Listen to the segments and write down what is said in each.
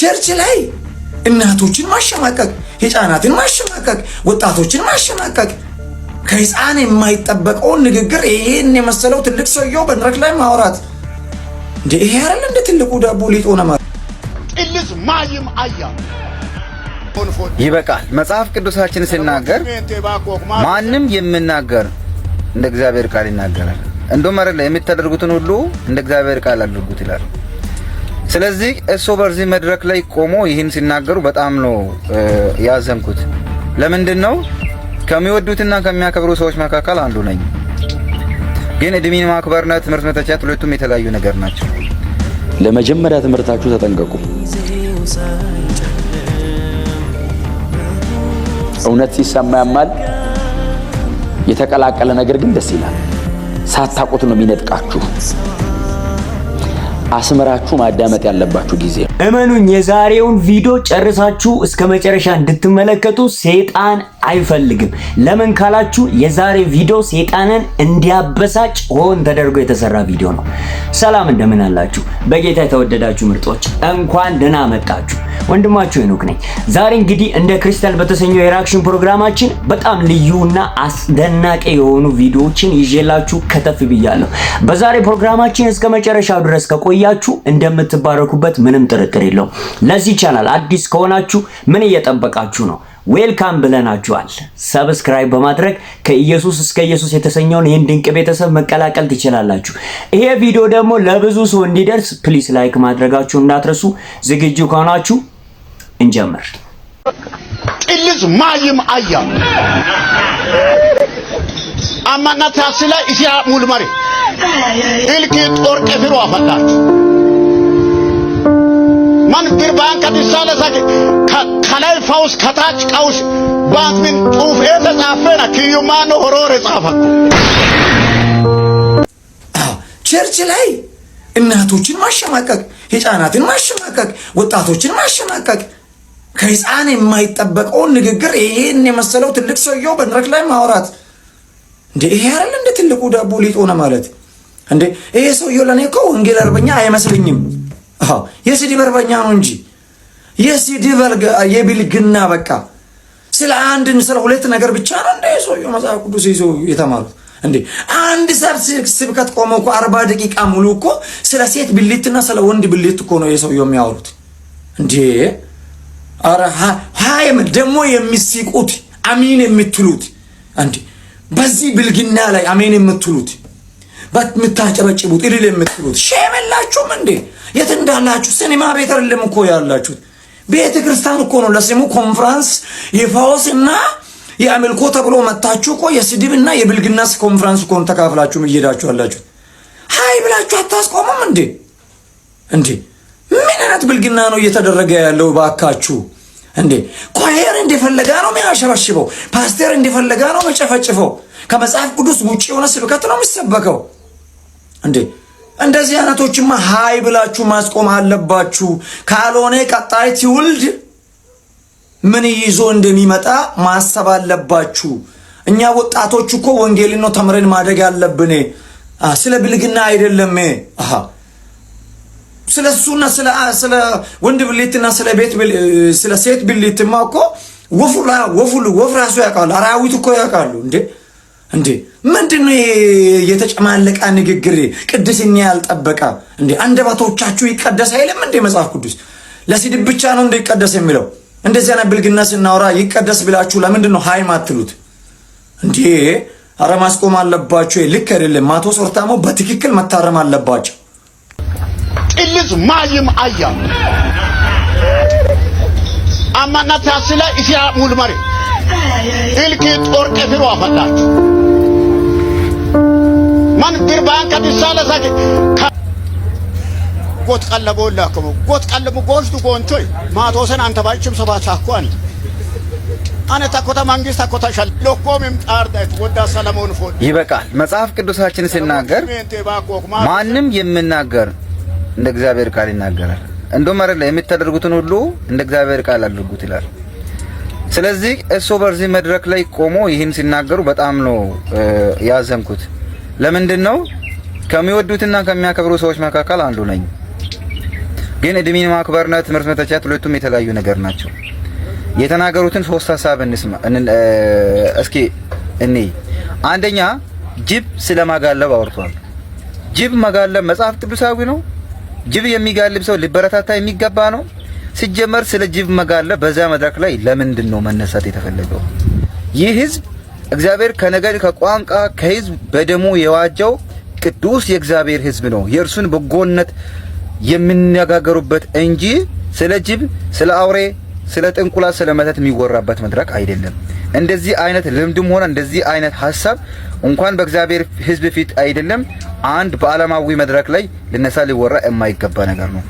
ቸርች ላይ እናቶችን ማሸማቀቅ፣ ህፃናትን ማሸማቀቅ፣ ወጣቶችን ማሸማቀቅ ከህፃን የማይጠበቀውን ንግግር ይህን የመሰለው ትልቅ ሰውየው በመድረክ ላይ ማውራት እንደ ይሄ አይደል? እንደ ትልቁ ዳቦ ሊጦ ነማ ጥልዝ ማይም አያ ይበቃል። መጽሐፍ ቅዱሳችን ሲናገር ማንም የምናገር እንደ እግዚአብሔር ቃል ይናገራል። እንደውም አይደለ የምታደርጉትን ሁሉ እንደ እግዚአብሔር ቃል አድርጉት ይላል። ስለዚህ እሱ በዚህ መድረክ ላይ ቆሞ ይህን ሲናገሩ በጣም ነው ያዘንኩት። ለምንድን ነው ከሚወዱትና ከሚያከብሩ ሰዎች መካከል አንዱ ነኝ። ግን እድሜን ማክበርና ትምህርት መተቻት ሁለቱም የተለያዩ ነገር ናቸው። ለመጀመሪያ ትምህርታችሁ ተጠንቀቁ። እውነት ሲሰማ ያማል። የተቀላቀለ ነገር ግን ደስ ይላል። ሳታውቁት ነው የሚነጥቃችሁ። አስምራችሁ ማዳመጥ ያለባችሁ ጊዜ ነው። እመኑኝ የዛሬውን ቪዲዮ ጨርሳችሁ እስከ መጨረሻ እንድትመለከቱ ሰይጣን አይፈልግም። ለምን ካላችሁ የዛሬ ቪዲዮ ሰይጣንን እንዲያበሳጭ ሆን ተደርጎ የተሰራ ቪዲዮ ነው። ሰላም እንደምን አላችሁ? በጌታ የተወደዳችሁ ምርጦች እንኳን ደህና መጣችሁ። ወንድማችሁ ሄኖክ ነኝ። ዛሬ እንግዲህ እንደ ክሪስታል በተሰኘው የሪአክሽን ፕሮግራማችን በጣም ልዩና አስደናቂ የሆኑ ቪዲዮዎችን ይዤላችሁ ከተፍ ብያለሁ። በዛሬ ፕሮግራማችን እስከ መጨረሻው ድረስ ከቆያችሁ እንደምትባረኩበት ምንም ጥርጥር የለው ለዚህ ቻናል አዲስ ከሆናችሁ ምን እየጠበቃችሁ ነው? ዌልካም ብለናችኋል። ሰብስክራይብ በማድረግ ከኢየሱስ እስከ ኢየሱስ የተሰኘውን ይህን ድንቅ ቤተሰብ መቀላቀል ትችላላችሁ። ይሄ ቪዲዮ ደግሞ ለብዙ ሰው እንዲደርስ ፕሊስ ላይክ ማድረጋችሁ እንዳትረሱ። ዝግጁ ከሆናችሁ እንጀምር። ጥልዝ ማይም አያ አማናት ያስላ ኢትያ ሙልመሪ ኢልኪ ጦር ቀፍሮ አፈላት ማን ቢርባን ከዲሳለ ሳቂ ከላይ ፈውስ ከታች ቀውስ ባትሚን ጽሁፍ የተጻፈና ኪዩማን ሆሮር የጻፈኩ ቸርች ላይ እናቶችን ማሸማቀቅ፣ ህፃናትን ማሸማቀቅ፣ ወጣቶችን ማሸማቀቅ ከህፃን የማይጠበቀውን ንግግር ይሄን የመሰለው ትልቅ ሰውየው በንረክ ላይ ማውራት እንዴ! ይሄ አይደል እንደ ትልቁ ዳቦ ሊጥ ሆነ ማለት እንዴ! ይሄ ሰውየው ለእኔ እኮ ወንጌል አርበኛ አይመስልኝም የሲዲ የስድብ አርበኛ ነው እንጂ የስድብ የብልግና በቃ ስለ አንድ ስለ ሁለት ነገር ብቻ ነው እንደ ሰውየው መጽሐፍ ቅዱስ ይዞ የተማሩት እንዴ አንድ ሰብ ስብከት ቆመ እኮ አርባ ደቂቃ ሙሉ እኮ ስለ ሴት ብልትና ስለ ወንድ ብልት እኮ ነው የሰውየው የሚያወሩት እንዴ ሀይም ደግሞ የሚስቁት አሚን የምትሉት አንዴ በዚህ ብልግና ላይ አሜን የምትሉት የምታጨበጭቡት እልል የምትሉት ሼም የላችሁም እንዴ? የት እንዳላችሁ ሲኒማ ቤት አይደለም እኮ ያላችሁት፣ ቤተ ክርስቲያን እኮ ነው። ለስሙ ኮንፍራንስ የፋውስ እና የአምልኮ ተብሎ መታችሁ እኮ እና የብልግናስ ኮንፍራንስ እኮ ተካፍላችሁም እየሄዳችሁ ያላችሁት። ሀይ ብላችሁ አታስቆሙም እንዴ እንዴ ምን አይነት ብልግና ነው እየተደረገ ያለው? ባካችሁ እንዴ ኮሄር እንደፈለጋ ነው የሚያሸበሽበው፣ ፓስተር እንደፈለጋ ነው መጨፈጭፈው። ከመጽሐፍ ቅዱስ ውጭ የሆነ ስብከት ነው የሚሰበከው እንዴ። እንደዚህ አይነቶችማ ሀይ ብላችሁ ማስቆም አለባችሁ። ካልሆነ ቀጣይ ትውልድ ምን ይዞ እንደሚመጣ ማሰብ አለባችሁ። እኛ ወጣቶች እኮ ወንጌልን ነው ተምረን ማደግ አለብን። ስለ ብልግና አይደለም። ስለ እሱና ስለ ወንድ ብልትና ስለ ቤት ስለ ሴት ብልትማ እኮ ወፉላ ወፉ ወፍ ራሱ ያውቃሉ። አራዊት እኮ ያውቃሉ። እንዴ እንዴ ምንድን ነው የተጨማለቀ ንግግር? ቅድስና ያልጠበቀ እንዴ አንደበቶቻችሁ ይቀደስ አይልም እንዴ መጽሐፍ ቅዱስ? ለስድብ ብቻ ነው እንደይቀደስ ይቀደስ የሚለው? እንደዚህ አይነት ብልግና ስናወራ ይቀደስ ብላችሁ ለምንድን ነው ሀይ ማትሉት እንዴ? አረ ማስቆም አለባችሁ። ልክ አይደለም። ማቶ ሶርታሞ በትክክል መታረም አለባቸው። illiz አያ ayya ammana taasila isiyaa mulmari ilki xorqe firu afaddaat man dirbaan kadisaala saki ጎት ቀለቦ ላከሙ ጎት ቀለሙ ጎሽቱ ጎንቾይ ማቶሰን አንተ ባይችም ሰባ ሳኳን መንግስት ይበቃል። መጽሐፍ ቅዱሳችን ሲናገር ማንም የምናገር እንደ እግዚአብሔር ቃል ይናገራል። እንደውም አይደለ የምታደርጉትን ሁሉ እንደ እግዚአብሔር ቃል አድርጉት ይላል። ስለዚህ እሱ በዚህ መድረክ ላይ ቆሞ ይህን ሲናገሩ በጣም ነው ያዘንኩት። ለምንድን ነው ከሚወዱትና ከሚያከብሩ ሰዎች መካከል አንዱ ነኝ። ግን እድሜን ማክበርና ትምህርት መተቻት ሁለቱም የተለያዩ ነገር ናቸው። የተናገሩትን ሶስት ሀሳብ እንስማ እስኪ እኔ አንደኛ ጅብ ስለማጋለብ አውርቷል። ጅብ መጋለብ መጽሐፍ ቅዱሳዊ ነው ጅብ የሚጋልብ ሰው ሊበረታታ የሚገባ ነው። ሲጀመር ስለ ጅብ መጋለብ በዛ መድረክ ላይ ለምንድን ነው መነሳት የተፈለገው? ይህ ህዝብ እግዚአብሔር ከነገድ ከቋንቋ ከህዝብ በደሙ የዋጀው ቅዱስ የእግዚአብሔር ህዝብ ነው። የእርሱን በጎነት የሚነጋገሩበት እንጂ ስለ ጅብ፣ ስለ አውሬ፣ ስለ ጥንቁላ፣ ስለ መተት የሚወራበት መድረክ አይደለም። እንደዚህ አይነት ልምድም ሆነ እንደዚህ አይነት ሀሳብ እንኳን በእግዚአብሔር ሕዝብ ፊት አይደለም አንድ በዓለማዊ መድረክ ላይ ልነሳ ሊወራ የማይገባ ነገር ነው።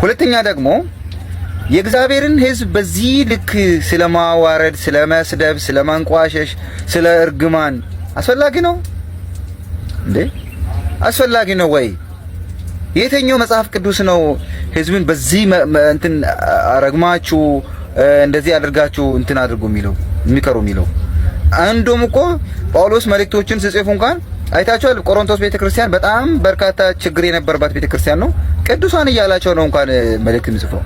ሁለተኛ ደግሞ የእግዚአብሔርን ሕዝብ በዚህ ልክ ስለማዋረድ፣ ስለመስደብ፣ ስለማንቋሸሽ፣ ስለ እርግማን አስፈላጊ ነው እንዴ? አስፈላጊ ነው ወይ? የትኛው መጽሐፍ ቅዱስ ነው ሕዝብን በዚህ እንትን አረግማችሁ እንደዚህ አድርጋችሁ እንትን አድርጉ የሚለው የሚቀሩ የሚለው አንዱም እኮ ጳውሎስ መልእክቶችን ስጽፉ እንኳን አይታችኋል። ቆሮንቶስ ቤተክርስቲያን በጣም በርካታ ችግር የነበረባት ቤተክርስቲያን ነው። ቅዱሳን እያላቸው ነው እንኳን መልእክት የሚጽፈው።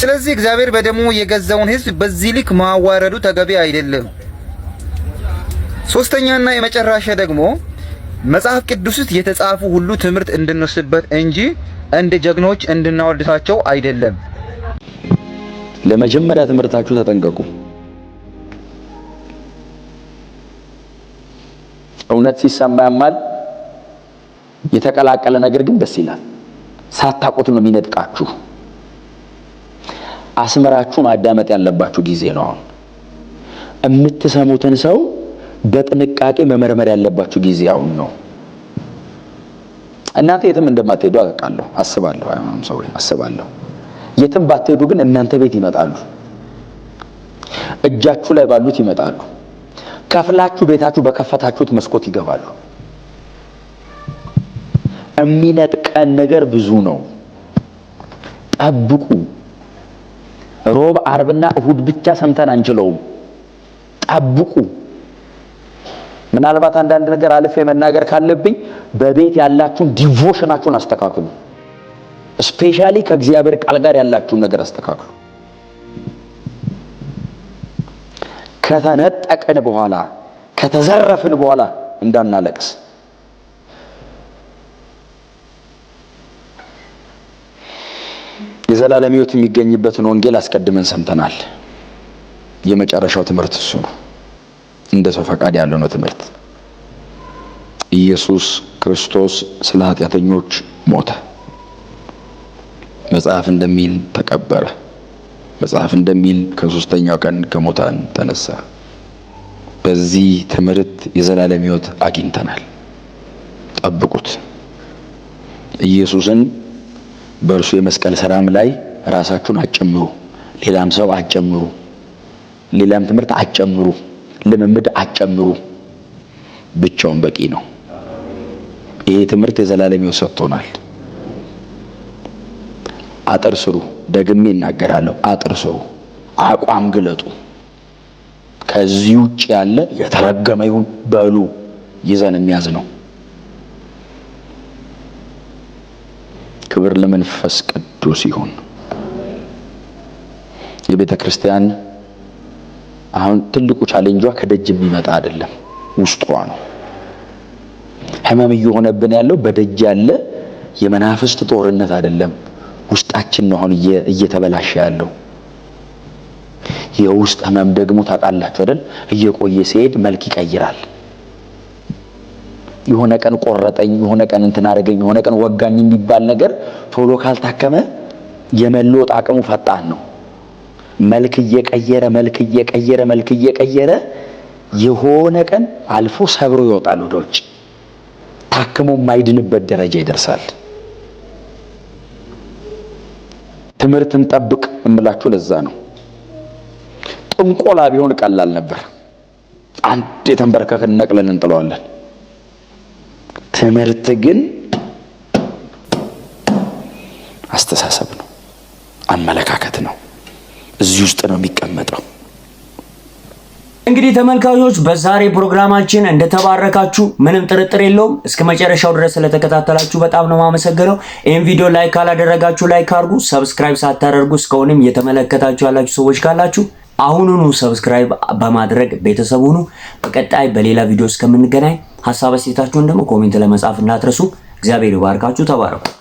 ስለዚህ እግዚአብሔር በደሙ የገዛውን ሕዝብ በዚህ ልክ ማዋረዱ ተገቢ አይደለም። ሶስተኛና የመጨረሻ ደግሞ መጽሐፍ ቅዱስ ውስጥ የተጻፉ ሁሉ ትምህርት እንድንወስድበት እንጂ እንደ ጀግኖች እንድናወድሳቸው አይደለም። ለመጀመሪያ ትምህርታችሁ ተጠንቀቁ። እውነት ሲሰማ ያማል። የተቀላቀለ ነገር ግን ደስ ይላል። ሳታቁት ነው የሚነጥቃችሁ። አስመራችሁ ማዳመጥ ያለባችሁ ጊዜ ነው አሁን። የምትሰሙትን ሰው በጥንቃቄ መመርመር ያለባችሁ ጊዜ አሁን ነው። እናንተ የትም እንደማትሄዱ አውቃለሁ፣ አስባለሁ። አስባለሁ የትም ባትሄዱ ግን እናንተ ቤት ይመጣሉ። እጃችሁ ላይ ባሉት ይመጣሉ። ከፍላችሁ ቤታችሁ በከፈታችሁት መስኮት ይገባሉ። የሚነጥቀን ነገር ብዙ ነው። ጠብቁ። ሮብ፣ አርብና እሁድ ብቻ ሰምተን አንችለውም። ጠብቁ። ምናልባት አንዳንድ ነገር አልፌ መናገር ካለብኝ በቤት ያላችሁን ዲቮሽናችሁን አስተካክሉ። ስፔሻሊ ከእግዚአብሔር ቃል ጋር ያላችሁን ነገር አስተካክሉ። ከተነጠቅን በኋላ ከተዘረፍን በኋላ እንዳናለቅስ የዘላለም ሕይወት የሚገኝበትን ወንጌል አስቀድመን ሰምተናል። የመጨረሻው ትምህርት እሱ ነው። እንደ ሰው ፈቃድ ያለው ነው ትምህርት ኢየሱስ ክርስቶስ ስለ ኃጢአተኞች ሞተ። መጽሐፍ እንደሚል ተቀበረ። መጽሐፍ እንደሚል ከሶስተኛው ቀን ከሙታን ተነሳ። በዚህ ትምህርት የዘላለም ሕይወት አግኝተናል። ጠብቁት። ኢየሱስን በእርሱ የመስቀል ሰላም ላይ ራሳችሁን አጨምሩ። ሌላም ሰው አጨምሩ። ሌላም ትምህርት አጨምሩ። ልምምድ አጨምሩ። ብቻውን በቂ ነው። ይሄ ትምህርት የዘላለም ሕይወት ሰጥቶናል። አጥር ስሩ። ደግሜ እናገራለሁ አጥር ስሩ፣ አቋም ግለጡ። ከዚህ ውጭ ያለ የተረገመ ይሁን በሉ ይዘን የሚያዝ ነው። ክብር ለመንፈስ ቅዱስ ይሁን። የቤተ ክርስቲያን አሁን ትልቁ ቻሌንጇ ከደጅ የሚመጣ አይደለም፣ ውስጧ ነው። ህመም እየሆነብን ያለው በደጅ ያለ የመናፍስት ጦርነት አይደለም። ውስጣችን ነው አሁን እየተበላሸ ያለው። የውስጥ ህመም ደግሞ ታውቃላችሁ አይደል? እየቆየ ሲሄድ መልክ ይቀይራል። የሆነ ቀን ቆረጠኝ፣ የሆነ ቀን እንትን አደረገኝ፣ የሆነ ቀን ወጋኝ የሚባል ነገር ቶሎ ካልታከመ የመለወጥ አቅሙ ፈጣን ነው። መልክ እየቀየረ መልክ እየቀየረ መልክ እየቀየረ የሆነ ቀን አልፎ ሰብሮ ይወጣል ወደ ውጭ ታክሞ የማይድንበት ደረጃ ይደርሳል። ትምህርትን ጠብቅ እምላችሁ ለዛ ነው። ጥንቆላ ቢሆን ቀላል ነበር። አንድ የተንበረከክን ነቅለን እንጥለዋለን። ትምህርት ግን አስተሳሰብ ነው፣ አመለካከት ነው። እዚህ ውስጥ ነው የሚቀመጠው። እንግዲህ ተመልካቾች በዛሬ ፕሮግራማችን እንደተባረካችሁ ምንም ጥርጥር የለውም። እስከ መጨረሻው ድረስ ስለተከታተላችሁ በጣም ነው የማመሰግነው። ይህን ቪዲዮ ላይክ ካላደረጋችሁ ላይክ አድርጉ። ሰብስክራይብ ሳታደርጉ እስካሁንም እየተመለከታችሁ ያላችሁ ሰዎች ካላችሁ አሁኑኑ ሰብስክራይብ በማድረግ ቤተሰብ ሁኑ። በቀጣይ በሌላ ቪዲዮ እስከምንገናኝ ሀሳብ አስተያየታችሁን ደግሞ ኮሜንት ለመጻፍ እንዳትረሱ። እግዚአብሔር ይባርካችሁ። ተባረኩ።